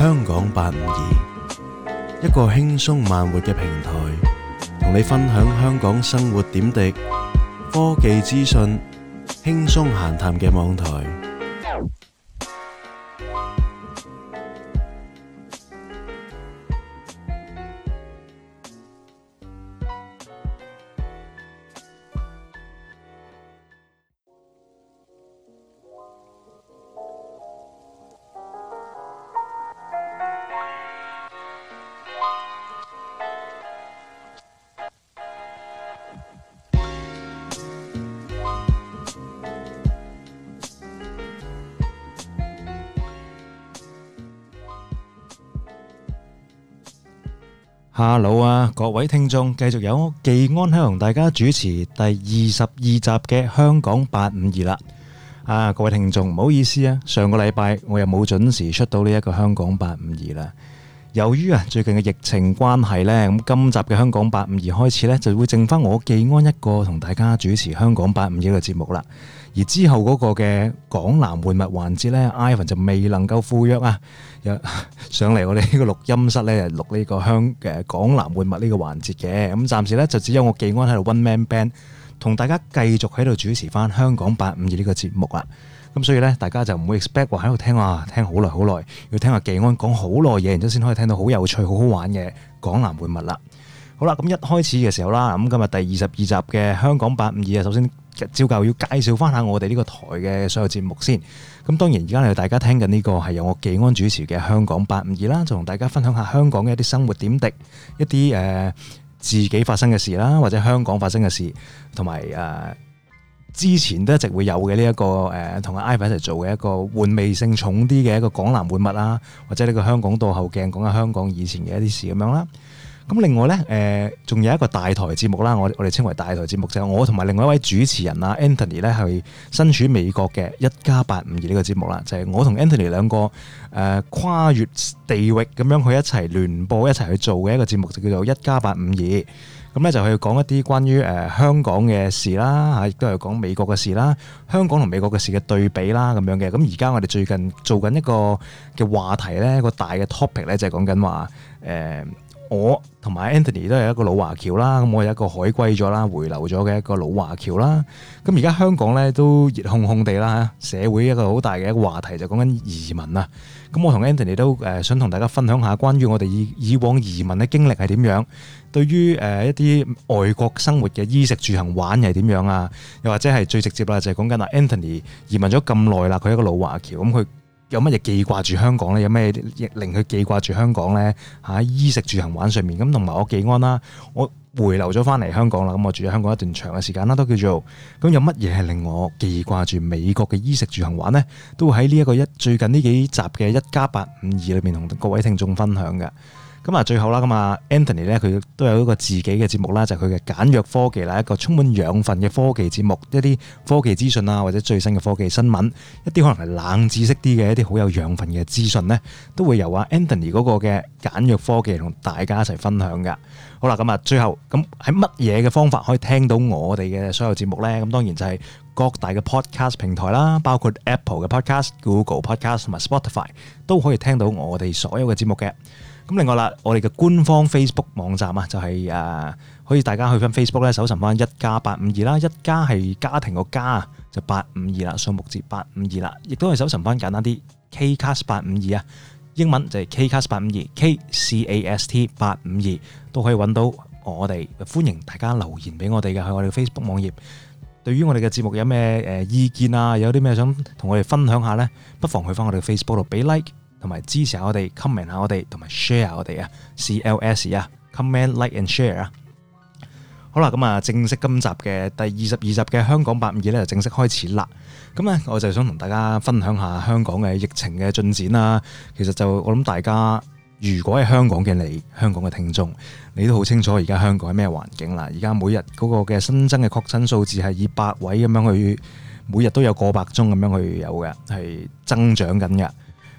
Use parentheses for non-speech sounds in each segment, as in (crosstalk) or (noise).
香港八五二，一個輕鬆慢活嘅平台，同你分享香港生活點滴、科技資訊、輕鬆閒談嘅網台。哈嘍啊，Hello, 各位聽眾，繼續由我技安喺同大家主持第二十二集嘅香港八五二啦。啊，各位聽眾，唔好意思啊，上個禮拜我又冇準時出到呢、這、一個香港八五二啦。由於啊最近嘅疫情關係呢，咁今集嘅香港八五二開始呢，就會剩翻我技安一個同大家主持香港八五二嘅節目啦。而之後嗰個嘅港南換物環節呢 Ivan 就未能夠赴約啊，上嚟我哋呢個錄音室呢，錄呢個香港南換物呢個環節嘅。咁暫時呢，就只有我技安喺度 One Man Band 同大家繼續喺度主持翻香港八五二呢個節目啦。咁所以咧，大家就唔會 expect 話喺度聽話，聽好耐好耐，要聽下技安講好耐嘢，然之後先可以聽到好有趣、好好玩嘅港南會物啦。好啦，咁一開始嘅時候啦，咁今日第二十二集嘅香港八五二啊，首先照舊要介紹翻下我哋呢個台嘅所有節目先。咁當然而家嚟大家聽緊呢個係由我技安主持嘅香港八五二啦，就同大家分享下香港嘅一啲生活點滴，一啲誒自己發生嘅事啦，或者香港發生嘅事，同埋誒。之前都一直會有嘅呢、這個呃、一個誒，同阿 Ivy 一齊做嘅一個玩味性重啲嘅一個港南玩物啦，或者呢個香港倒後鏡講下香港以前嘅一啲事咁樣啦。咁另外呢，誒、呃、仲有一個大台節目啦，我我哋稱為大台節目就係、是、我同埋另外一位主持人阿 Anthony 呢，係身處美國嘅一加八五二呢個節目啦，就係、是、我同 Anthony 兩個誒、呃、跨越地域咁樣去一齊聯播一齊去做嘅一個節目，就叫做一加八五二。咁咧就去講一啲關於誒香港嘅事啦吓，亦都係講美國嘅事啦，香港同美國嘅事嘅對比啦咁樣嘅。咁而家我哋最近做緊一個嘅話題咧，一個大嘅 topic 咧就係講緊話誒，我同埋 Anthony 都係一個老華僑啦，咁我有一個海歸咗啦，回流咗嘅一個老華僑啦。咁而家香港咧都熱烘烘地啦，社會一個好大嘅一個話題就講緊移民啦。咁我同 Anthony 都誒想同大家分享下關於我哋以以往移民嘅經歷係點樣。對於誒一啲外國生活嘅衣食住行玩又係點樣啊？又或者係最直接啦，就係講緊 Anthony 移民咗咁耐啦，佢係一個老華僑，咁佢有乜嘢記掛住香港咧？有咩令佢記掛住香港咧？喺衣食住行玩上面咁，同埋我技安啦，我回流咗翻嚟香港啦，咁我住喺香港一段長嘅時間啦，都叫做咁有乜嘢係令我記掛住美國嘅衣食住行玩咧？都會喺呢一個一最近呢幾集嘅一家八五二裏面同各位聽眾分享嘅。咁啊，最後啦，咁啊，Anthony 呢，佢都有一個自己嘅節目啦，就係佢嘅簡約科技啦，一個充滿養分嘅科技節目，一啲科技資訊啊，或者最新嘅科技新聞，一啲可能係冷知識啲嘅一啲好有養分嘅資訊呢，都會由啊 Anthony 嗰個嘅簡約科技同大家一齊分享噶。好啦，咁啊，最後咁喺乜嘢嘅方法可以聽到我哋嘅所有節目呢？咁當然就係、是，各大嘅 podcast 平台啦，包括 Apple 嘅 podcast、Google podcast 同埋 Spotify 都可以聽到我哋所有嘅節目嘅。咁另外啦，我哋嘅官方 Facebook 網站啊，就係、是、誒、呃、可以大家去翻 Facebook 咧搜尋翻一家八五二啦，一家係家庭個家啊，就八五二啦，數目字八五二啦，亦都係搜尋翻簡單啲 Kcast 八五二啊，52，英文就係 Kcast 八五二 K C A S T 八五二都可以揾到我哋，歡迎大家留言俾我哋嘅去我哋 Facebook 網頁。對於我哋嘅節目有咩誒意見啊？有啲咩想同我哋分享下呢？不妨去翻我哋 Facebook 度俾 like，同埋支持下我哋 comment 下我哋，同埋 share 我哋啊 CLS 啊 comment like and share 啊！好啦，咁啊，正式今集嘅第二十二集嘅香港八五二咧就正式開始啦！咁咧，我就想同大家分享下香港嘅疫情嘅進展啦。其實就我諗大家。如果係香港嘅你，香港嘅聽眾，你都好清楚而家香港係咩環境啦？而家每日嗰個嘅新增嘅確診數字係以百位咁樣去，每日都有過百宗咁樣去有嘅，係增長緊嘅。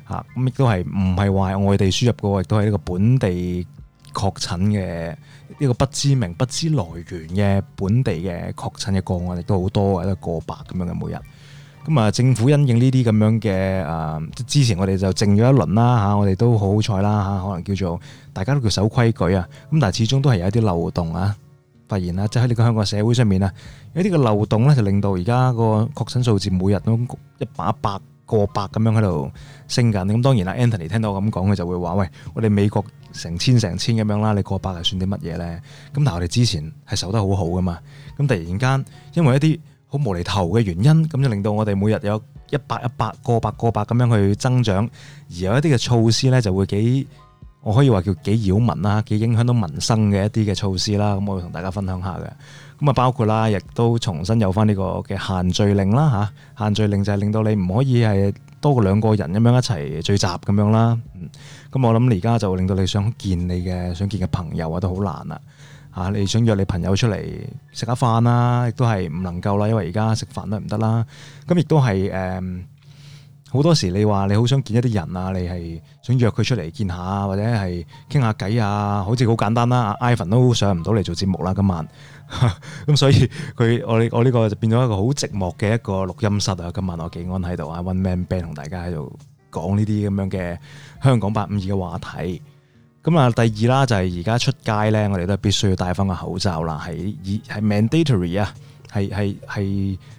嚇，咁亦都係唔係話外地輸入嘅喎？亦都係呢個本地確診嘅呢、呢個不知名、不知來源嘅本地嘅確診嘅個案，亦都好多嘅，都係過百咁樣嘅每日。咁啊，政府因應呢啲咁樣嘅誒，之前我哋就靜咗一輪啦嚇，我哋都好好彩啦嚇，可能叫做大家都叫守規矩啊。咁但係始終都係有一啲漏洞啊，發現啦，即係喺呢個香港社會上面啊，有啲嘅漏洞咧，就令到而家個確診數字每日都一百百過百咁樣喺度升緊。咁當然啊，Anthony 聽到我咁講，佢就會話：喂，我哋美國成千成千咁樣啦，你過百係算啲乜嘢咧？咁但係我哋之前係守得好好噶嘛。咁突然間，因為一啲，好無厘頭嘅原因，咁就令到我哋每日有一百一百過百過百咁樣去增長，而有一啲嘅措施呢，就會幾，我可以話叫幾擾民啦，幾影響到民生嘅一啲嘅措施啦，咁我會同大家分享下嘅。咁啊包括啦，亦都重新有翻呢個嘅限聚令啦，吓，限聚令就係令到你唔可以係多過兩個人咁樣一齊聚集咁樣啦。咁我諗而家就會令到你想見你嘅想見嘅朋友啊都好難啦。啊！你想約你朋友出嚟食下飯啦，亦都係唔能夠啦，因為而家食飯都唔得啦。咁亦都係誒，好多時你話你好想見一啲人啊，你係想約佢出嚟見一下，或者係傾下偈啊，好似好簡單啦。Ivan 都上唔到嚟做節目啦，今晚。咁、 (laughs) 嗯、所以佢我我呢個就變咗一個好寂寞嘅一個錄音室啊。今晚我技安喺度啊，One Man Band 同大家喺度講呢啲咁樣嘅香港八五二嘅話題。咁啊，第二啦，就係而家出街咧，我哋都必須要戴翻個口罩啦，係以係 mandatory 啊，係係係，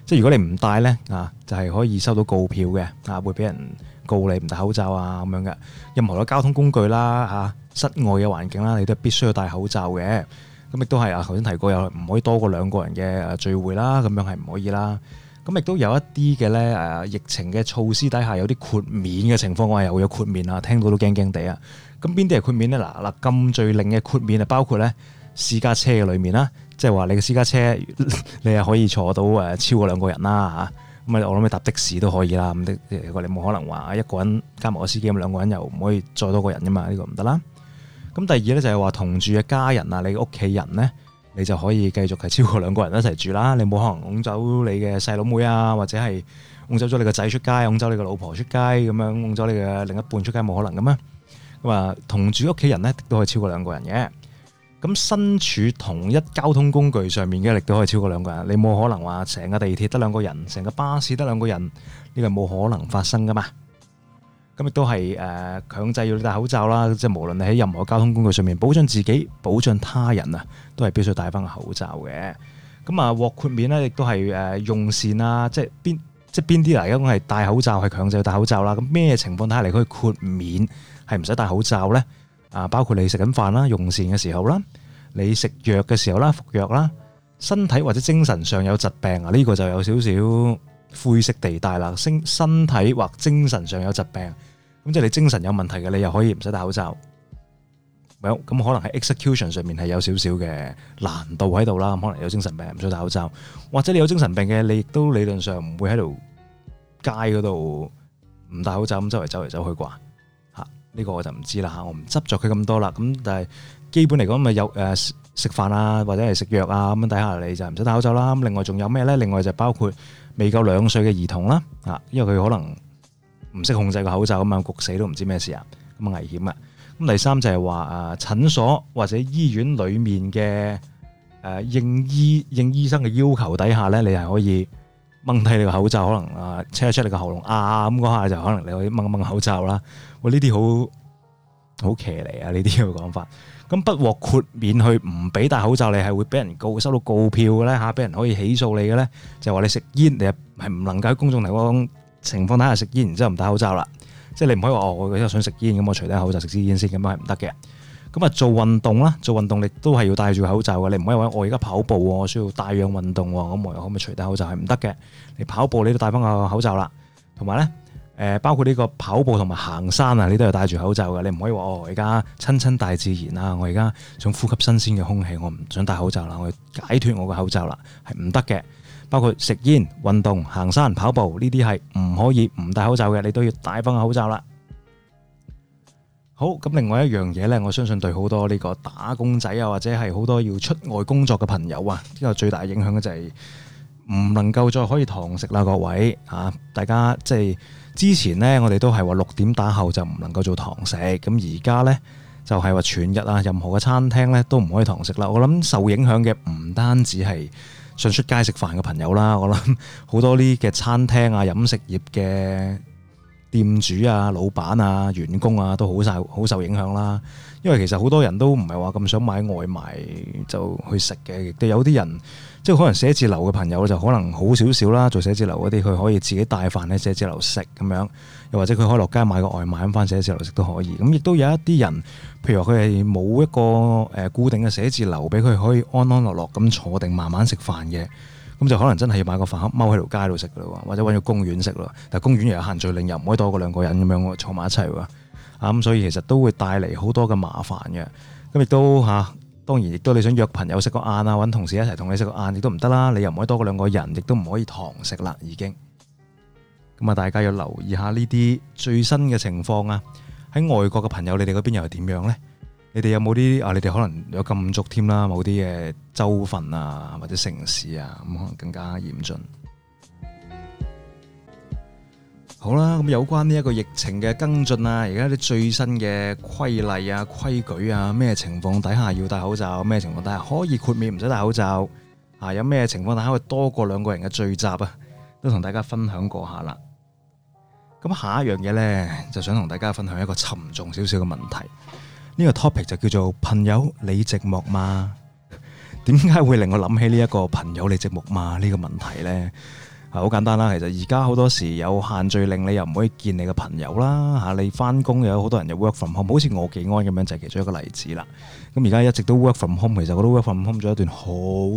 即係如果你唔戴咧啊，就係可以收到告票嘅啊，會俾人告你唔戴口罩啊咁樣嘅。任何嘅交通工具啦，嚇室外嘅環境啦，你都必須要戴口罩嘅。咁亦都係啊，頭先提過又唔可以多過兩個人嘅聚會啦，咁樣係唔可以啦。咁亦都有一啲嘅咧誒疫情嘅措施底下有啲豁免嘅情況，我係又會有豁免啊，聽到都驚驚地啊！咁邊啲係豁免咧？嗱嗱禁聚令嘅豁免啊，包括咧私家車嘅裏面啦，即係話你嘅私家車你係可以坐到誒超過兩個人啦嚇。咁啊，我諗你搭的士都可以啦。咁的誒，你冇可能話一個人加埋個司機咁兩個人又唔可以再多個人㗎嘛？呢個唔得啦。咁第二咧就係話同住嘅家人啊，你屋企人咧，你就可以繼續係超過兩個人一齊住啦。你冇可能攬走你嘅細佬妹啊，或者係攬走咗你個仔出街，攬走你個老婆出街咁樣，攬走你嘅另一半出街冇可能嘅咩？咁啊，同住屋企人咧都可以超過兩個人嘅。咁身處同一交通工具上面嘅，亦都可以超過兩個人。你冇可能話成個地鐵得兩個人，成個巴士得兩個人，呢個冇可能發生噶嘛。咁亦都係誒強制要戴口罩啦。即係無論你喺任何交通工具上面，保障自己、保障他人啊，都係必須戴翻個口罩嘅。咁啊，獲豁免咧，亦都係誒用膳啦，即係邊。即係邊啲嚟？而家我係戴口罩，係強制戴口罩啦。咁咩情況底下你可以豁免係唔使戴口罩咧？啊，包括你食緊飯啦、用膳嘅時候啦、你食藥嘅時候啦、服藥啦、身體或者精神上有疾病啊，呢個就有少少灰色地帶啦。身身體或精神上有疾病，咁即係你精神有問題嘅，你又可以唔使戴口罩。咁可能喺 execution 上面係有少少嘅難度喺度啦，咁可能有精神病唔使戴口罩，或者你有精神病嘅，你亦都理論上唔會喺度街嗰度唔戴口罩咁周圍走嚟走去啩呢、啊呢個我就唔知啦，我唔執着佢咁多啦。咁但係基本嚟講咪有呃、食飯啊，或者係食藥啊咁樣底下你就唔使戴口罩啦。咁另外仲有咩咧？另外就包括未夠兩歲嘅兒童啦、啊、因為佢可能唔識控制個口罩咁樣焗死都唔知咩事啊，咁啊危險啊！咁第三就係話誒診所或者醫院裏面嘅誒應醫應醫生嘅要求底下咧，你係可以掹低你個口罩，可能啊扯出你個喉嚨啊咁嗰下就可能你可以掹掹口罩啦。哇呢啲好好騎呢啊！呢啲嘅講法，咁不獲豁免去唔俾戴口罩，你係會俾人告，收到告票嘅咧，吓俾人可以起訴你嘅咧，就係話你食煙，你係唔能夠喺公眾地方情況底下食煙，然之後唔戴口罩啦。即係你唔可以話、哦、我而家想食煙，咁我除低口罩食支煙先，咁樣係唔得嘅。咁啊做運動啦，做運動你都係要戴住口罩嘅。你唔可以話我而家跑步，我需要帶氧運動，我可唔可以除低口罩？係唔得嘅。你跑步你都戴翻個口罩啦。同埋咧，誒包括呢個跑步同埋行山啊，你都係戴住口罩嘅。你唔可以話我而家親親大自然啦，我而家想呼吸新鮮嘅空氣，我唔想戴口罩啦，我要解脫我個口罩啦，係唔得嘅。包括食煙、運動、行山、跑步呢啲係唔可以唔戴口罩嘅，你都要戴翻個口罩啦。好，咁另外一樣嘢呢，我相信對好多呢個打工仔啊，或者係好多要出外工作嘅朋友啊，呢個最大影響嘅就係唔能夠再可以堂食啦，各位啊，大家即係之前呢，我哋都係話六點打後就唔能夠做堂食，咁而家呢，就係話全日啊，任何嘅餐廳呢都唔可以堂食啦。我諗受影響嘅唔單止係。想出街食飯嘅朋友啦，我諗好多呢啲嘅餐廳啊、飲食業嘅。店主啊、老闆啊、員工啊，都好受好受影響啦。因為其實好多人都唔係話咁想買外賣就去食嘅，亦都有啲人即係可能寫字樓嘅朋友就可能好少少啦。做寫字樓嗰啲佢可以自己帶飯喺寫字樓食咁樣，又或者佢可以落街買個外賣返翻寫字樓食都可以。咁亦都有一啲人，譬如話佢係冇一個固定嘅寫字樓俾佢可以安安樂樂咁坐定慢慢食飯嘅。咁就可能真係要買個飯盒踎喺條街度食咯，或者搵個公園食咯。但公園又有限聚令，又唔可以多過兩個人咁樣喎，坐埋一齊喎。啊，咁所以其實都會帶嚟好多嘅麻煩嘅。咁亦都吓，啊，當然亦都你想約朋友食個晏啊，搵同事一齊同你食個晏，亦都唔得啦。你又唔可以多過兩個人，亦都唔可以堂食啦，已經。咁啊，大家要留意下呢啲最新嘅情況啊。喺外國嘅朋友，你哋嗰邊又係點樣呢？你哋有冇啲啊？你哋可能有禁足添啦，某啲嘅州份啊，或者城市啊，咁可能更加嚴峻。好啦，咁有關呢一個疫情嘅跟進啊，而家啲最新嘅規例啊、規矩啊，咩情況底下要戴口罩，咩情況底下可以豁免唔使戴口罩啊？有咩情況底下可以多過兩個人嘅聚集啊？都同大家分享過下啦。咁下一樣嘢呢，就想同大家分享一個沉重少少嘅問題。呢個 topic 就叫做朋友你寂寞嗎？點解會令我諗起呢一個朋友你寂寞嗎呢個問題呢，好簡單啦，其實而家好多時有限聚令你又唔可以見你嘅朋友啦，吓，你翻工，有好多人又 work from home，好似我技安咁樣，就係其中一個例子啦。咁而家一直都 work from home，其實我都 work from home 咗一段好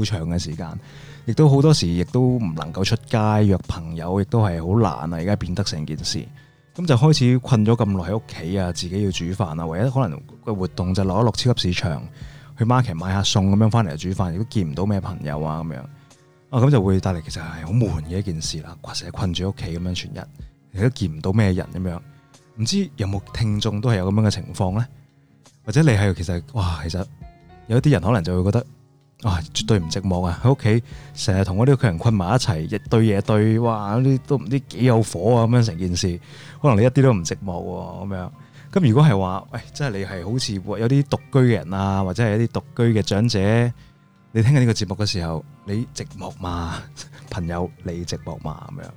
長嘅時間，亦都好多時亦都唔能夠出街約朋友，亦都係好難啊！而家變得成件事。咁就開始困咗咁耐喺屋企啊，自己要煮飯啊，或者可能個活動就落一落超級市場去 market 買下餸，咁樣翻嚟煮飯，如果見唔到咩朋友啊咁樣。啊，咁就會帶嚟其實係好悶嘅一件事啦，成日困住屋企咁樣全日，亦都見唔到咩人咁樣，唔知有冇聽眾都係有咁樣嘅情況咧？或者你係其實哇，其實有啲人可能就會覺得。哇，絕對唔寂寞啊！喺屋企成日同我呢強人困埋一齊，日對夜對，哇！啲都唔知幾有火啊！咁樣成件事，可能你一啲都唔寂寞咁樣。咁如果係話，喂，即係你係好似有啲獨居嘅人啊，或者係一啲獨居嘅長者，你聽緊呢個節目嘅時候，你寂寞嘛？朋友，你寂寞嘛？咁樣。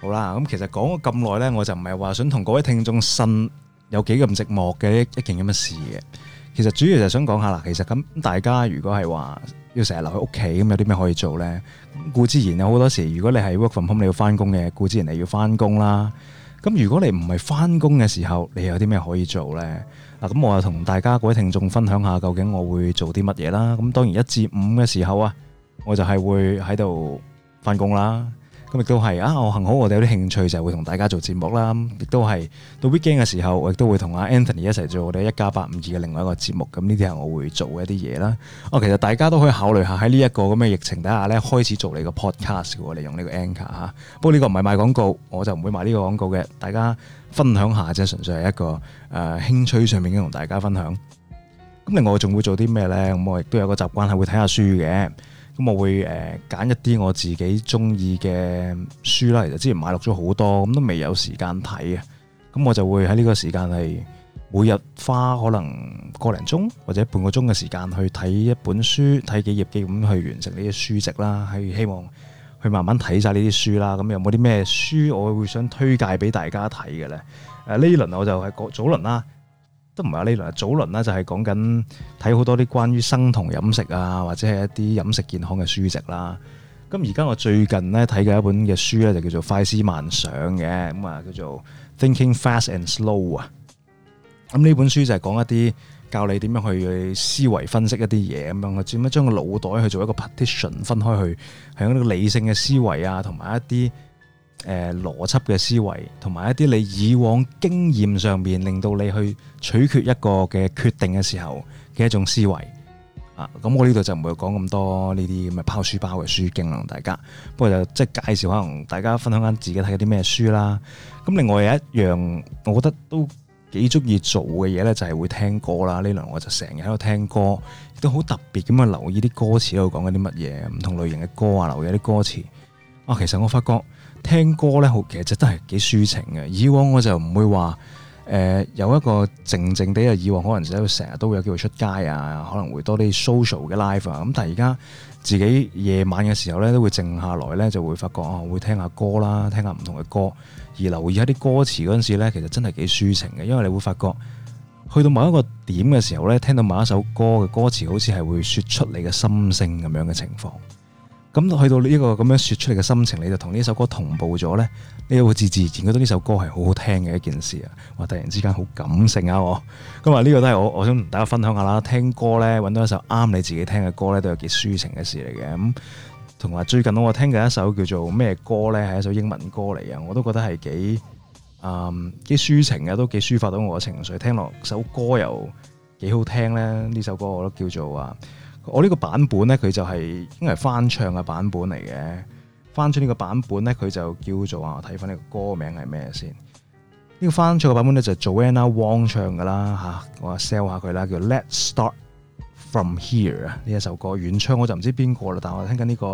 好啦，咁其實講咗咁耐呢，我就唔係話想同各位聽眾呻有幾咁寂寞嘅一一件咁嘅事嘅。其實主要就想講下啦，其實咁大家如果係話要成日留喺屋企咁，有啲咩可以做呢？固之然有好多時，如果你係 work from home 你要翻工嘅，固之然係要翻工啦。咁如果你唔係翻工嘅時候，你有啲咩可以做呢？啊，咁我又同大家各位聽眾分享下，究竟我會做啲乜嘢啦？咁當然一至五嘅時候啊，我就係會喺度翻工啦。咁亦都係啊！我幸好我哋有啲興趣，就係會同大家做節目啦。亦都係到 weekend 嘅時候，我亦都會同阿 Anthony 一齊做我哋一家852嘅另外一個節目。咁呢啲係我會做嘅一啲嘢啦。哦，其實大家都可以考慮下喺呢一個咁嘅疫情底下咧，開始做你個 podcast 喎。我利用呢個 anchor 嚇、啊，不過呢個唔係賣廣告，我就唔會賣呢個廣告嘅。大家分享下啫，純粹係一個誒、呃、興趣上面嘅同大家分享。咁另外我仲會做啲咩呢？咁我亦都有個習慣係會睇下書嘅。咁我會誒揀一啲我自己中意嘅書啦，其實之前買落咗好多，咁都未有時間睇啊。咁我就會喺呢個時間係每日花可能個零鐘或者半個鐘嘅時間去睇一本書，睇幾頁機咁去完成呢啲書籍啦。係希望去慢慢睇晒呢啲書啦。咁有冇啲咩書我會想推介俾大家睇嘅呢？誒，呢輪我就係、是、個早輪啦。都唔係呢輪，早輪啦就係講緊睇好多啲關於生酮飲食啊，或者係一啲飲食健康嘅書籍啦。咁而家我最近咧睇嘅一本嘅書咧就叫做《快思慢想》嘅，咁啊叫做《Thinking Fast and Slow》啊。咁、嗯、呢本書就係講一啲教你點樣去思維分析一啲嘢，咁樣我點樣將個腦袋去做一個 partition 分開去，係用呢個理性嘅思維啊，同埋一啲。誒，邏輯嘅思維，同埋一啲你以往經驗上面令到你去取決一個嘅決定嘅時候嘅一種思維啊。咁我呢度就唔會講咁多呢啲咁嘅拋書包嘅書經啦，大家。不過就即係介紹，可能大家分享翻自己睇啲咩書啦。咁另外有一樣，我覺得都幾中意做嘅嘢呢，就係會聽歌啦。呢輪我就成日喺度聽歌，亦都好特別咁去留意啲歌詞喺度講緊啲乜嘢，唔同類型嘅歌啊，留意啲歌詞啊。其實我發覺。聽歌咧，好其實真係幾抒情嘅。以往我就唔會話，誒、呃、有一個靜靜地啊。為以往可能喺度成日都會有機會出街啊，可能會多啲 social 嘅 live 啊。咁但係而家自己夜晚嘅時候咧，都會靜下來咧，就會發覺啊，會聽下歌啦，聽下唔同嘅歌，而留意一啲歌詞嗰陣時咧，其實真係幾抒情嘅，因為你會發覺去到某一個點嘅時候咧，聽到某一首歌嘅歌詞，好似係會說出你嘅心聲咁樣嘅情況。咁去到呢個個咁樣說出嚟嘅心情，你就同呢首歌同步咗呢，你又會自自然然覺得呢首歌係好好聽嘅一件事啊！哇，突然之間好感性啊！我，咁啊呢個都係我我想同大家分享下啦。聽歌呢，揾到一首啱你自己聽嘅歌呢，都有幾抒情嘅事嚟嘅。咁同埋最近我聽緊一首叫做咩歌呢？係一首英文歌嚟啊！我都覺得係幾、嗯、幾抒情嘅，都幾抒發到我嘅情緒。聽落首歌又幾好聽呢，呢首歌我都叫做啊。我呢個版本咧，佢就係應該係翻唱嘅版本嚟嘅。翻出呢個版本咧，佢就叫做啊，睇翻呢個歌名係咩先？呢、這個翻唱嘅版本咧就係 Joanna Wang 唱㗎啦吓，我 sell 下佢啦，叫 Let's Start From Here 啊。呢一首歌。原唱我就唔知邊個啦，但係我聽緊、這、呢個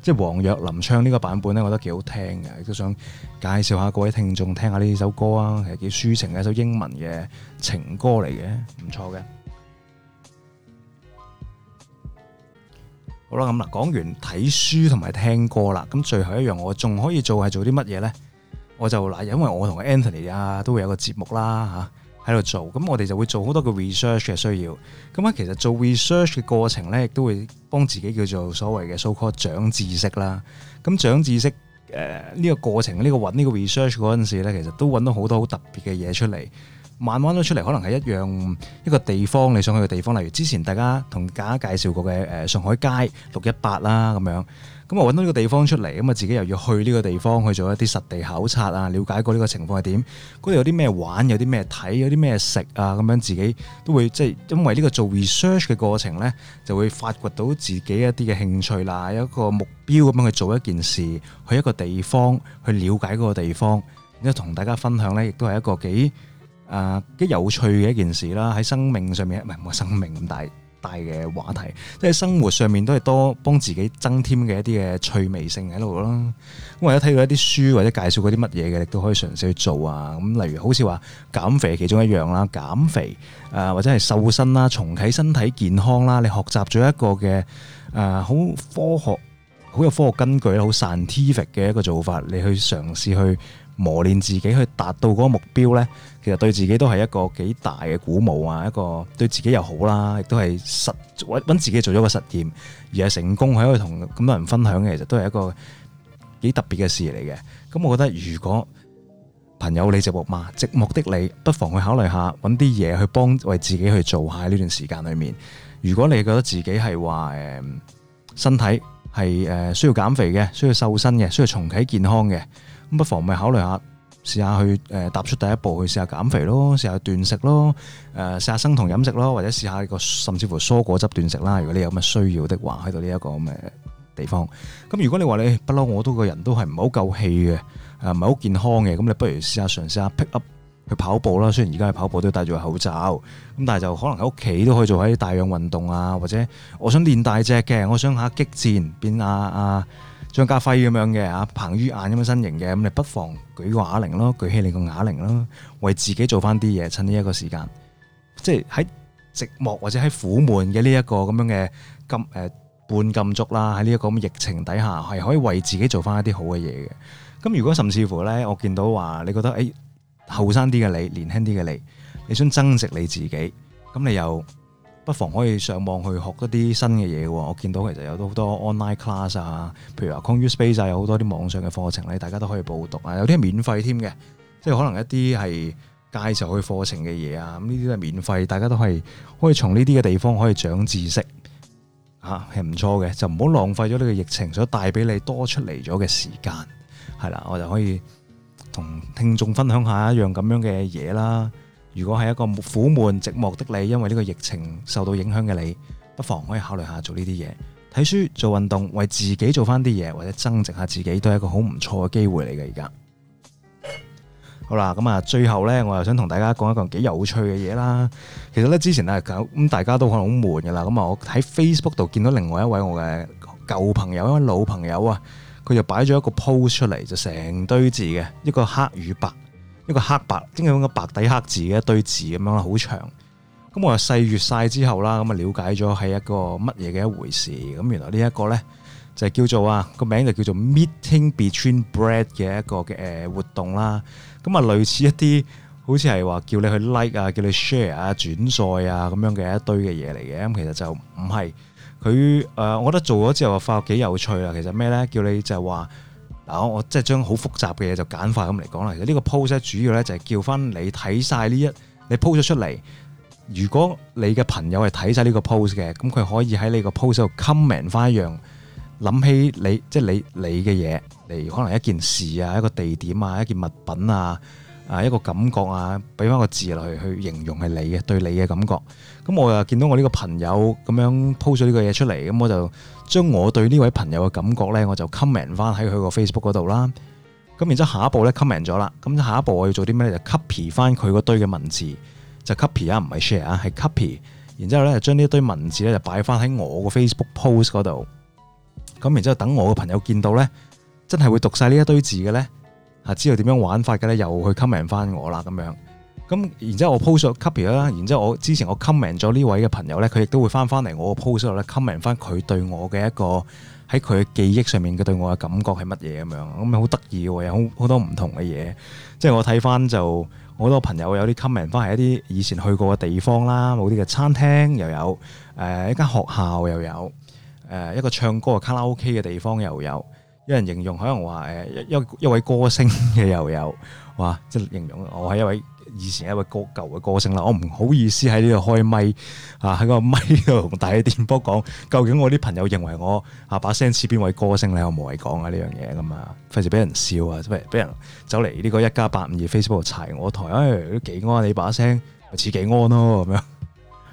即係、就是、王若琳唱呢個版本咧，我覺得幾好聽嘅，亦都想介紹下各位聽眾聽下呢首歌啊，係幾抒情嘅一首英文嘅情歌嚟嘅，唔錯嘅。好啦，咁啦，講完睇書同埋聽歌啦，咁最後一樣我仲可以做係做啲乜嘢呢？我就嗱，因為我同 Anthony 啊都會有個節目啦嚇，喺度做，咁我哋就會做好多個 research 嘅需要。咁啊，其實做 research 嘅過程呢，亦都會幫自己叫做所謂嘅 so called 長知識啦。咁長知識誒呢個過程呢、呢個揾呢個 research 嗰陣時咧，其實都揾到好多好特別嘅嘢出嚟。慢慢都出嚟，可能係一樣。一個地方你想去嘅地方，例如之前大家同大家介紹過嘅、呃、上海街六一八啦咁樣。咁我揾到呢個地方出嚟，咁啊自己又要去呢個地方去做一啲實地考察啊，了解過呢個情況係點，嗰度有啲咩玩，有啲咩睇，有啲咩食啊，咁樣。自己都會，即係因為呢個做 research 嘅過程咧，就會發掘到自己一啲嘅興趣啦，有一個目標咁樣去做一件事，去一個地方去了解嗰個地方，然後同大家分享咧，亦都係一個幾。啊！幾有趣嘅一件事啦，喺生命上面唔係唔係生命咁大大嘅話題，即係生活上面都係多幫自己增添嘅一啲嘅趣味性喺度咯。咁或者睇到一啲書或者介紹嗰啲乜嘢嘅，你都可以嘗試去做啊。咁例如好似話減肥其中一樣啦，減肥啊或者係瘦身啦，重啓身體健康啦。你學習咗一個嘅啊好科學、好有科學根據好 scientific 嘅一個做法，你去嘗試去。磨練自己去達到嗰個目標呢，其實對自己都係一個幾大嘅鼓舞啊！一個對自己又好啦，亦都係實揾揾自己做咗個實驗，而係成功，係可以同咁多人分享嘅，其實都係一個幾特別嘅事嚟嘅。咁、嗯、我覺得，如果朋友你寂寞嘛，寂寞的你，不妨去考慮下揾啲嘢去幫為自己去做下呢段時間裏面。如果你覺得自己係話誒身體係誒、呃、需要減肥嘅，需要瘦身嘅，需要重啟健康嘅。不妨咪考慮下，試下去誒、呃、踏出第一步，去試下減肥咯，試下斷食咯，呃、試下生酮飲食咯，或者試下一個甚至乎蔬果汁斷食啦。如果你有乜需要的話，去到呢一個咁嘅、這個嗯、地方。咁如果你話你不嬲，我都個人都係唔係好夠氣嘅，唔係好健康嘅，咁你不如試下嘗試下 pick up 去跑步啦。雖然而家去跑步都要戴住個口罩，咁但係就可能喺屋企都可以做下啲帶氧運動啊，或者我想練大隻嘅，我想下激戰變啊啊張家輝咁樣嘅，吓，彭于晏咁樣身形嘅，咁你不妨舉個啞鈴咯，舉起你個啞鈴咯，為自己做翻啲嘢，趁呢一個時間，即係喺寂寞或者喺苦悶嘅呢一個咁樣嘅咁誒半禁足啦，喺呢一個咁疫情底下，係可以為自己做翻一啲好嘅嘢嘅。咁如果甚至乎咧，我見到話，你覺得誒後生啲嘅你，年輕啲嘅你，你想增值你自己，咁你又不妨可以上網去學一啲新嘅嘢喎，我見到其實有好多 online class 啊，譬如話 Coursera 有好多啲網上嘅課程咧，大家都可以報讀啊，有啲係免費添嘅，即係可能一啲係介紹去課程嘅嘢啊，咁呢啲都係免費，大家都係可以從呢啲嘅地方可以長知識，吓，係唔錯嘅，就唔好浪費咗呢個疫情所帶俾你多出嚟咗嘅時間，係啦，我就可以同聽眾分享一下一樣咁樣嘅嘢啦。如果係一個苦悶、寂寞的你，因為呢個疫情受到影響嘅你，不妨可以考慮下做呢啲嘢，睇書、做運動，為自己做返啲嘢，或者增值下自己，都係一個好唔錯嘅機會嚟嘅。而家好啦，咁啊，最後呢，我又想同大家講一個幾有趣嘅嘢啦。其實呢，之前呢，咁，大家都可能好悶㗎喇。咁啊，我喺 Facebook 度見到另外一位我嘅舊朋友，因為老朋友啊，佢就擺咗一個 post 出嚟，就成堆字嘅，一個黑與白。一個黑白，即係咁個白底黑字嘅一堆字咁樣啦，好長。咁我細閱晒之後啦，咁啊了解咗係一個乜嘢嘅一回事。咁原來呢一個咧就係叫做啊，個名就叫做 Meeting Between Bread 嘅一個嘅誒活動啦。咁啊類似一啲，好似係話叫你去 like 啊，叫你 share 啊，轉載啊咁樣嘅一堆嘅嘢嚟嘅。咁其實就唔係佢誒，我覺得做咗之後啊，發覺幾有趣啦。其實咩咧？叫你就係話。嗱、啊，我即係將好複雜嘅嘢就簡化咁嚟講啦。其實呢個 post 主要咧就係叫翻你睇晒呢一，你 post 咗出嚟。如果你嘅朋友係睇晒呢個 post 嘅，咁佢可以喺你個 post 度 comment 翻一樣，諗起你即係、就是、你你嘅嘢，例如可能一件事啊，一個地點啊，一件物品啊。啊，一個感覺啊，俾翻個字落去去形容係你嘅對你嘅感覺。咁我又見到我呢個朋友咁樣 po 咗呢個嘢出嚟，咁我就將我對呢位朋友嘅感覺呢，我就 comment 翻喺佢個 Facebook 嗰度啦。咁然之後下一步呢 comment 咗啦，咁下一步我要做啲咩咧？就 copy 翻佢嗰堆嘅文字，就 copy 啊 cop，唔係 share 啊，係 copy。然之後咧，將呢一堆文字呢，就擺翻喺我個 Facebook post 嗰度。咁然之後等我嘅朋友見到呢，真係會讀晒呢一堆字嘅呢。知道點樣玩法嘅咧，又去 comment 翻我啦，咁樣咁然之後我，我 post 咗 copy 啦，然之後我之前我 comment 咗呢位嘅朋友咧，佢亦都會翻翻嚟我 post 度咧 comment 翻佢對我嘅一個，喺佢嘅記憶上面佢對我嘅感覺係乜嘢咁樣。咁好得意喎，有好多唔同嘅嘢。即係我睇翻就好多朋友有啲 comment 翻係一啲以前去過嘅地方啦，某啲嘅餐廳又有，誒、呃、一間學校又有，誒、呃、一個唱歌卡拉 OK 嘅地方又有。有人形容可能話誒一一,一位歌星嘅又有，哇！即係形容我係一位以前一位歌舊嘅歌星啦。我唔好意思喺呢度開咪，啊，喺個咪度同大家電波講，究竟我啲朋友認為我啊把聲似邊位歌星咧？我無謂講啊呢樣嘢咁嘛，費事俾人笑啊！即係俾人走嚟呢個一加八五二 Facebook 齊我台，都、哎、技安、啊你聲？你把聲似技安咯？咁樣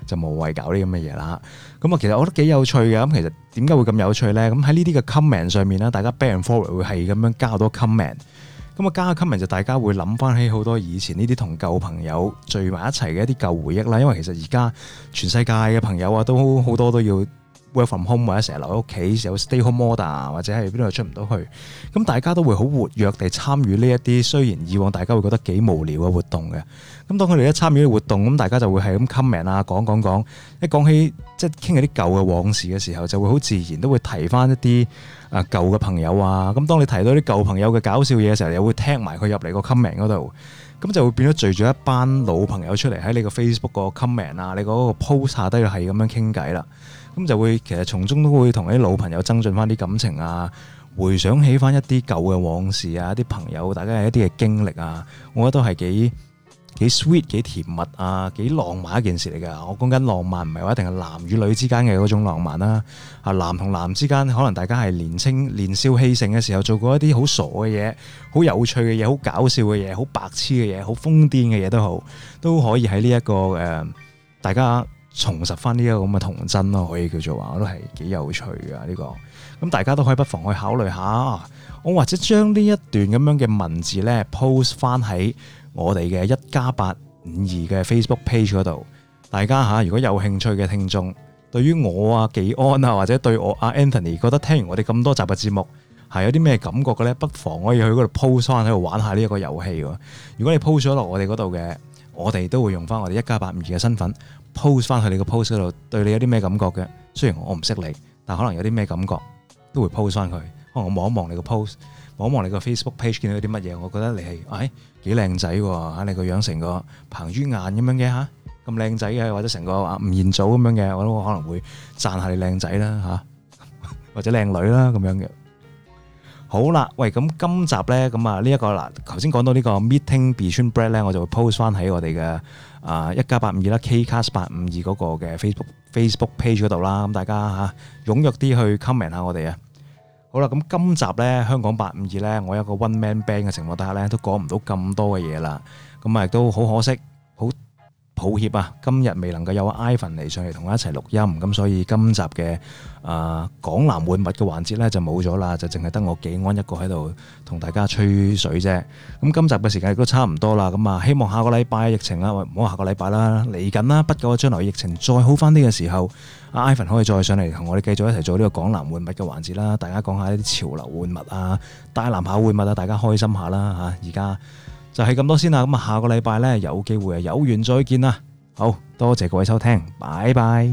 就無謂搞呢咁嘅嘢啦。咁啊，其實我覺得幾有趣嘅。咁其實點解會咁有趣呢？咁喺呢啲嘅 comment 上面啦，大家俾人 forward 會係咁樣加好多 comment。咁啊，加 comment 就大家會諗翻起好多以前呢啲同舊朋友聚埋一齊嘅一啲舊回憶啦。因為其實而家全世界嘅朋友啊，都好多都要 home 或者成日留喺屋企，時有 stay home order 或者係邊度出唔到去。咁大家都會好活躍地參與呢一啲雖然以往大家會覺得幾無聊嘅活動嘅。咁當佢哋一參與啲活動，咁大家就會係咁 comment 啊，講講講，一講起即係傾下啲舊嘅往事嘅時候，就會好自然都會提翻一啲啊舊嘅朋友啊。咁當你提到啲舊朋友嘅搞笑嘢嘅時候，又會聽埋佢入嚟個 comment 嗰度，咁就會變咗聚住一班老朋友出嚟喺你個 Facebook 個 comment 啊，你嗰個 post 下低係咁樣傾偈啦。咁就會其實從中都會同啲老朋友增進返啲感情啊，回想起返一啲舊嘅往事啊，一啲朋友大家係一啲嘅經歷啊，我覺得都係幾幾 sweet 幾甜蜜啊，幾浪漫一件事嚟㗎。我講緊浪漫唔係話一定係男與女之間嘅嗰種浪漫啦、啊，啊男同男之間可能大家係年青年少氣盛嘅時候做過一啲好傻嘅嘢，好有趣嘅嘢，好搞笑嘅嘢，好白痴嘅嘢，好瘋癲嘅嘢都好，都可以喺呢一個、呃、大家。重拾翻呢一個咁嘅童真咯，可以叫做話，我都係幾有趣噶呢個。咁大家都可以不妨去考慮下，我或者將呢一段咁樣嘅文字呢 post 翻喺我哋嘅一加八五二嘅 Facebook page 嗰度。大家吓，如果有興趣嘅聽眾，對於我啊紀安啊或者對我啊 Anthony 覺得聽完我哋咁多集嘅節目係有啲咩感覺嘅呢？不妨可以去嗰度 post 返喺度玩下呢一個遊戲喎。如果你 post 咗落我哋嗰度嘅。我哋都會用翻我哋一家八五二嘅身份 post 翻佢你個 post 嗰度，對你有啲咩感覺嘅？雖然我唔識你，但可能有啲咩感覺都會 post 翻佢。可能我望一望你個 post，望一望你個 Facebook page，見到啲乜嘢，我覺得你係誒、哎、幾靚仔喎、啊、你個樣成個彭于晏咁樣嘅咁靚仔嘅、啊，或者成個阿吳彥祖咁樣嘅，我都可能會讚下你靚仔啦、啊啊、或者靚女啦、啊、咁樣嘅。好啦，喂，咁今集呢，咁啊呢一個啦，頭先講到呢個 Meeting Between Bread 呢，我就會 post 翻喺我哋嘅啊一家八五二啦，K Cast 八五二嗰個嘅 Facebook Facebook page 度啦，咁大家吓、啊、踴躍啲去 comment 下我哋啊。好啦，咁今集呢，香講八五二呢，我一個 one man band 嘅情況底下呢，都講唔到咁多嘅嘢啦，咁啊亦都好可惜，好。抱歉啊，今日未能夠有 Ivan 嚟上嚟同我一齊錄音，咁所以今集嘅啊港男換物嘅環節呢就冇咗啦，就淨係得我技安一個喺度同大家吹水啫。咁今集嘅時間亦都差唔多啦，咁啊希望下個禮拜疫情啊唔好下個禮拜啦，嚟緊啦，不過啊將來疫情再好翻啲嘅時候，Ivan 可以再上嚟同我哋繼續一齊做呢個港男換物嘅環節啦，大家講下呢啲潮流換物啊、大藍跑換物啊，大家開心下啦吓，而家。就係咁多先啦，咁啊下個禮拜呢，有機會啊有緣再見啦，好多謝各位收聽，拜拜。